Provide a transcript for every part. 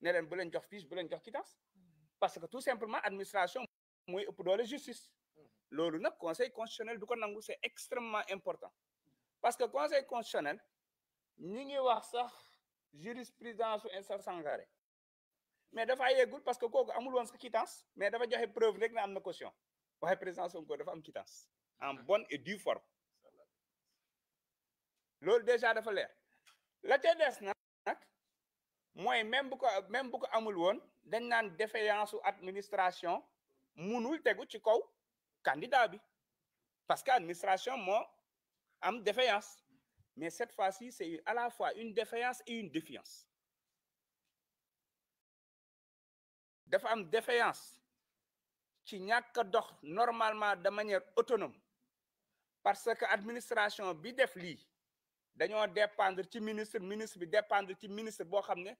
ne leen bu leen jox fiche bu leen jox quittance parce que tout simplement administration mooy ëpp doole justice loolu nag conseil constitutionnel du ko nangu c'est extrêmement important parce que conseil constitutionnel ñi ngi wax sax jurisprudence su instant Sangaré mais dafa yeggul parce que kooku amul woon sa quittance mais dafa joxe preuve rek na am na caution waxe président Sonko dafa am quittance en ah. bon et due forme loolu déjà dafa leer la ca des nag mooy même bu ko même bu ko amul woon dañ naan défaillance u administration munul tegu ci kaw candidat bi parce que administration moo am défaillance mais cette fois si c'est à la fois une défaillance et une défiance dafa am défaillance ci ñàkk dox normalement de manière autonome parce que administration bi def lii dañoo dépendre ci ministre ministre bi dépendre ci ministre boo xam ne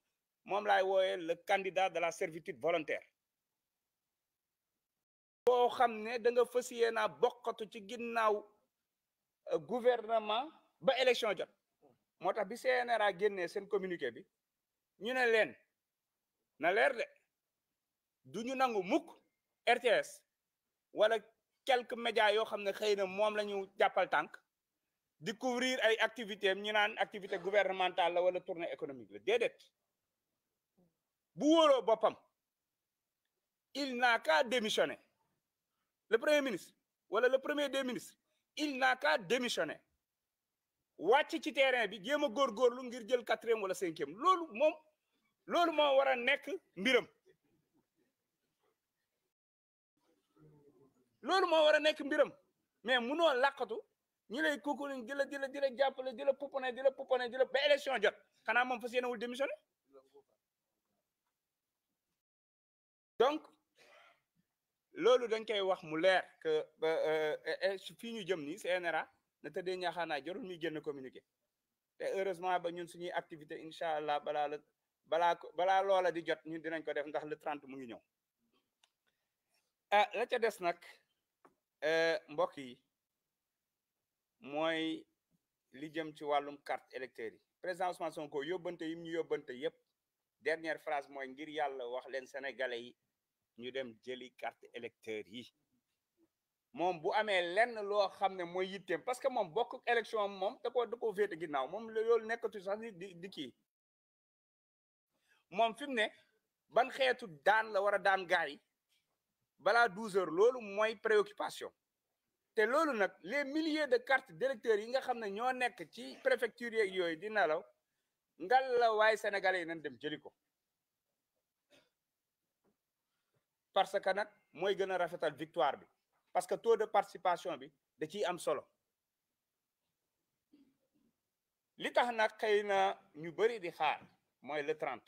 moom laay wooyee le candidat de la servitude volontaire boo xam ne da nga fas yéenaa bokkatu ci ginnaaw euh, gouvernement ba élection jot moo tax bi CNRA génnee seen communiqué bi ñu ne leen na leer de du ñu nangu mukk RTS wala quelques médias yoo xam ne xëy na moom la ñu jàppal tànk di couvrir ay activité am ñu naan activité gouvernementale la wala tournée économique la déedéet bu wóoloo boppam il n'a qu'à démissionner le premier ministre wala le premier des ministres il n'a qu'à démissionner wàcc ci terrain bi jéem a góorgóorlu ngir jël quatrième wala cinquième loolu moom loolu moo war a nekk mbiram loolu moo war a nekk mbiram mais munoo làqatu ñu lay kooku di la di la di la jàppale di la pouponné di la pouponné di la ba élection jot xanaa moom fas yéenewul démissionné donc loolu dañ koy wax mu leer que euh, fii ñu jëm nii CNRA na tëddee ñaaxaanaay jarul ñuy génn communiqué te heureusement ba ñun suñuy activité incha allah balaa la balaa balaa loola di jot ñun dinañ ko def ndax le trente mu ngi ñëw ah la ca des nag euh, mbokk yi. mooy li jëm ci wàllum carte électeur yi président Ousmane Sonko yóbbante yi ñu yóbbante yépp dernière phrase mooy ngir yàlla wax leen sénégalais yi ñu dem jëli carte électeur yi moom bu amee lenn loo xam ne mooy yitteem parce que moom bokk élection moom da ko da ko ginnaaw moom loolu nekkatu sax di di kii moom fi ne ban xeetu daan la war a daan gaay balaa douze heures loolu mooy préoccupation te loolu nag les milliers de cartes directeurs yi nga xam ne ñoo nekk ci préfecture yeeg yooyu di law ngal la waaye sénégalais yi na dem jëli ko parce que nag mooy gën a rafetal victoire bi parce que taux de participation bi da ciy am solo li tax nag xëy na ñu bëri di xaar mooy le 30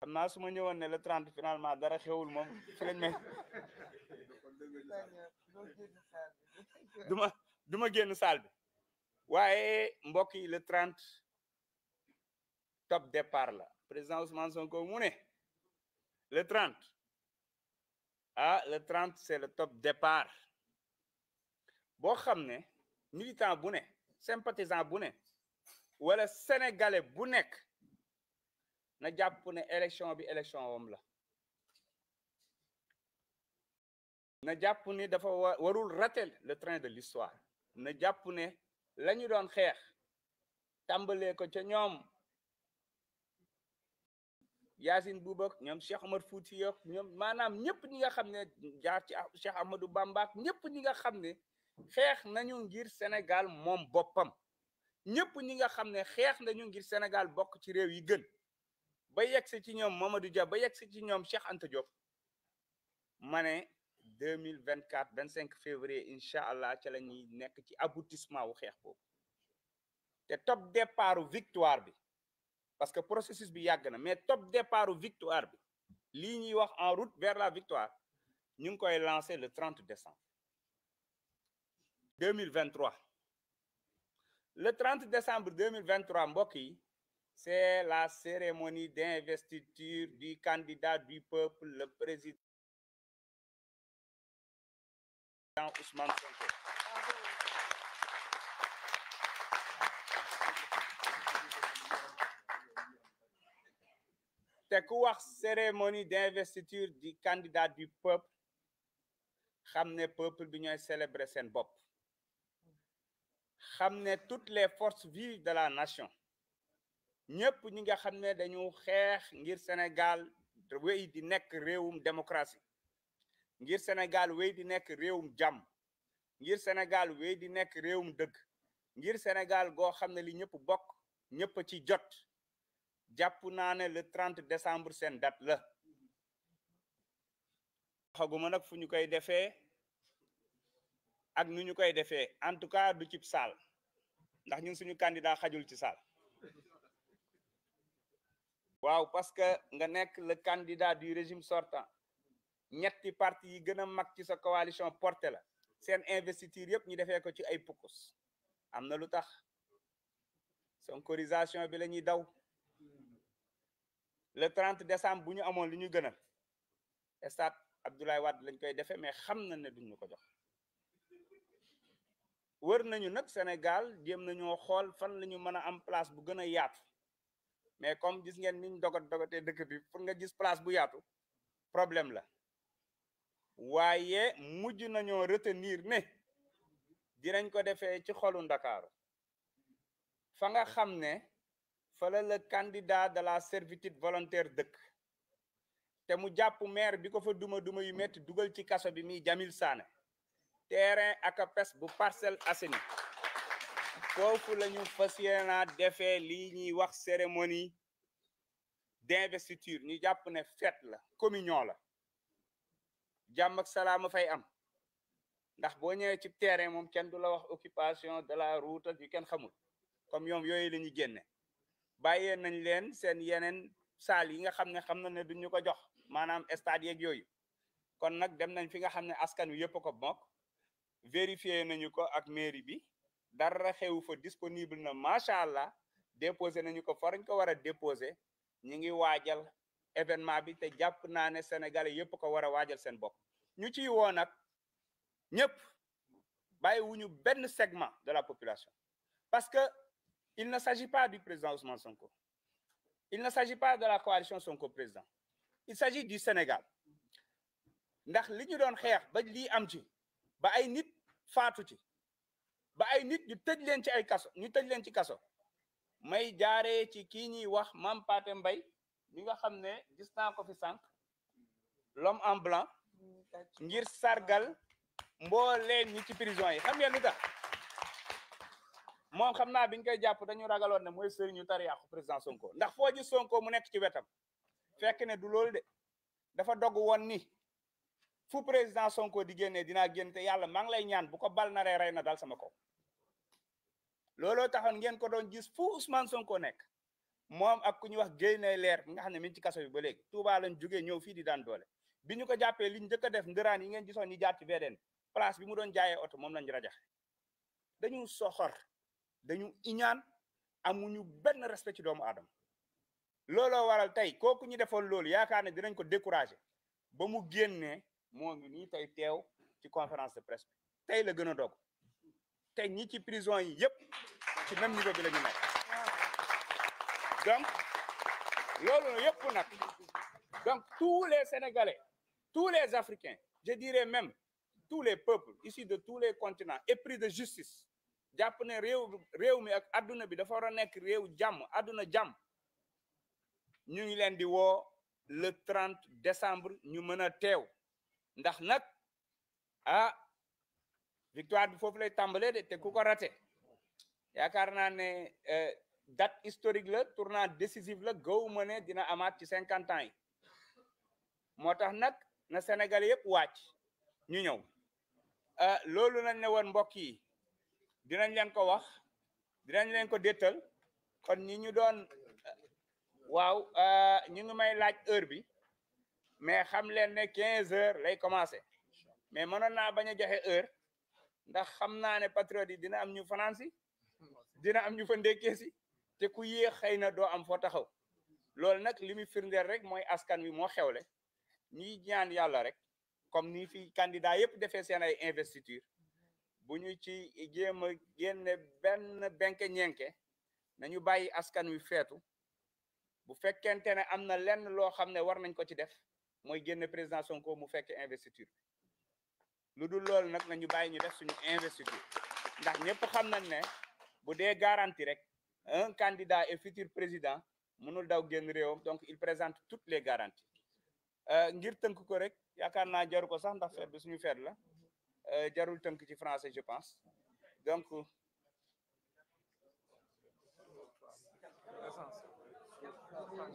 xam su ma ñëwoon ne le trente finalement dara xewul moom fi lañ may du ma du ma génn saal bi waaye mbokk yi le trente top départ la président Ousmane Sonko mu ne le trente ah le trente c'est le top départ boo xam ne militant bu ne sympathisant bu ne wala sénégalais bu nekk na jàpp ne élection bi élection wam la na jàpp ni dafa warul ratel le train de l'histoire na jàpp ne la ñu doon xeex tàmbalee ko ca ñoom Yacine Bouba ñoom Cheikh Omar Fouti yok ñoom maanaam ñëpp ñi nga xam ne jaar ci Cheikh Ahmadou Bamba ñëpp ñi nga xam ne xeex nañu ngir Sénégal moom boppam ñëpp ñi nga xam ne xeex nañu ngir Sénégal bokk ci réew yi gën ba yegg si ci ñoom Mamadou Dia ba yegg si ci ñoom Cheikh Anta Diop ma ne deux mille vingt quatre vingt cinq février incha allah ca la ñuy nekk ci aboutissement wu xeex boobu te top départu victoire bi parce que processus bi yàgg na mais top départu victoire bi lii ñuy wax en route vers la victoire ñu ngi koy lancé le 30 décembre 2023 le 30 décembre 2023 mbokk yi c'est la cérémonie d'investiture du candidat du peuple, le président Ousmane Sonko. te ku wax cérémonie d'investiture du candidat du peuple xam ne peuple bi ñooy célébrer seen bopp xam ne toutes les forces vives de la nation ñëpp ñi nga xam ne dañu xeex ngir Sénégal wéy di nekk réewum démocratie ngir Sénégal wéy di nekk réewum jàmm ngir Sénégal wéy di nekk réewum dëgg ngir Sénégal goo xam ne li ñëpp bokk ñëpp ci jot jàpp naa ne le 30 décembre seen date la xaguma nag fu ñu koy defee ak nu ñu koy defee en tout cas du cib saal ndax ñun suñu candidat xajul ci saal waaw parce que nga nekk le candidat du régime sortant ñetti parti yi gën a mag ci sa coalition porté la seen investiture yëpp ñu defee ko ci ay pukus am na lu tax sonkorisation bi la ñuy daw le trente décembre bu ñu amoon li ñu gënal stade Abdoulaye Wade lañ koy defee mais xam na ne ñu ko jox wër nañu nag Sénégal jéem nañoo xool fan la ñu mën a am place bu gën a yaatu mais comme gis ngeen niñ dogot dogotee dëkk bi pour nga gis place bu yaatu problème la waaye mujj nañoo retenir ne dinañ ko defee ci xolu ndakaaru fa nga xam ne fala la candidat de la servitude volontaire dëkk te mu jàpp maire bi ko fa duma duma yu metti dugal ci kaso bi mi Jamil Sané terrain ak a pes bu Parcelles Assainies foofu la ñu fas yéenaa defee lii ñuy wax cérémonie d'investiture ñu jàpp ne fête la communion la jàmm ak salaama fay am ndax boo ñëwee ci terrain moom kenn du la wax occupation de la route ak yu kenn xamul comme yoom yooyu la ñuy génne bàyyee nañ leen seen yeneen salle yi nga xam ne xam na ne ñu ko jox maanaam stade yeeg yooyu kon nag dem nañ fi nga xam ne askan wi yëpp ko bokk vérifier nañu ko ak mairie bi dara xew fa disponible na macha allah déposé nañu ko far farañ ko war a déposé ñu ngi waajal événement bi te jàpp naa ne sénégalais yëpp ko war a waajal seen bopp ñu ci woo nag ñëpp bàyyi wuñu benn segment de la population parce que il ne s'agit pas du président Ousmane Sonko il ne s'agit pas de la coalition Sonko président il s'agit du Sénégal ndax li ñu doon xeex ba lii am ci ba ay nit faatu ci ba ay nit ñu tëj leen ci ay kaso ñu tëj leen ci kaso may jaare ci kii ñuy wax Mame Pathé Mbaye mi nga xam ne gis naa ko fi sànq l'homme en ngir sargal mbooleen ñi ci prison yi xam ngeen lu tax moom xam naa biñ koy jàpp dañu ragaloon ne mooy sëriñu tariyaaxu président Sonko ndax foo ji Sonko mu nekk ci wetam fekk ne du loolu de dafa dog woon ni fu président Sonko di génnee dinaa génn te yàlla maa ngi lay ñaan bu ko bal na rey na dal sama ko looloo taxoon ngeen ko doon gis fu Ousmane Sonko nekk moom ak ku ñuy wax géy leer nga xam ne mi ci kaso bi ba léegi Touba lañ jógee ñëw fii di daan doole bi ñu ko jàppee li njëkka a def ndëraan yi ngeen gisoon ni jaar ci VDN place bi mu doon jaayee oto moom lañ rajax dañu soxor dañu iñaan amuñu benn respect ci doomu aadama looloo waral tey kooku ñu defoon loolu yaakaar ne dinañ ko découragé ba mu génnee moo ngi nii tey teew ci conférence de presse tey la gën a doog te ñi ci prison yi yëpp ci même niveau bi la ñu nekk donc loolu yëpp nag donc tous les sénégalais tous les africains je dirais même tous les peuples issus de tous les continents épris de justice jàpp ne réew réew mi ak adduna bi dafa war a nekk réew jàmm adduna jàmm ñu ngi leen di woo le 30 décembre ñu mën a teew ndax nag ah victoire bi foofu lay tàmbalee de te ku ko raté yaakaar naa ne euh, date historique la tournant décisif la gaw ma ne dina amaat ci cinquante ans yi moo tax nag na Sénégal yëpp wàcc ñu ñëw euh, loolu nañ ne woon mbokk yi dinañ leen ko wax dinañ leen ko déttal kon ñi ñu doon euh, waaw ñu ngi may laaj heure bi mais xam leen ne quinze heures lay commencé mais mënoon naa bañ a joxe heure ndax xam naa ne patriote yi dina am ñu fanaan dina am ñu fa ndekkee si te ku yéex xëy na doo am foo taxaw loolu nag li muy firndeel rek mooy askan wi moo xewle ñuy ñaan yàlla rek comme ni fi candidat yëpp defee seen ay investiture bu ñu ci jéem a génne benn benke ñenke nañu bàyyi askan wi feetu bu fekkente ne am na lenn loo xam ne war nañ ko ci def mooy génne président ko mu fekk investiture bi lu dul loolu nag nañu bàyyi ñu def suñu investiture ndax ñëpp xam nañ ne bu dee garantie rek un candidat et futur président mënul daw génn réewam donc il présente toutes les garanties euh, ngir tënk ko rek yaakaar naa jaru ko sax ndax feet bi suñu feet la euh, jarul tënk ci français je pense donc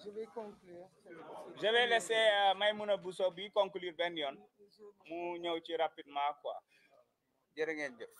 je vais conclure. je vais laisser euh, Maimouna bi conclure benn yoon mu ñëw ci rapidement quoi jërë ngeen jëf.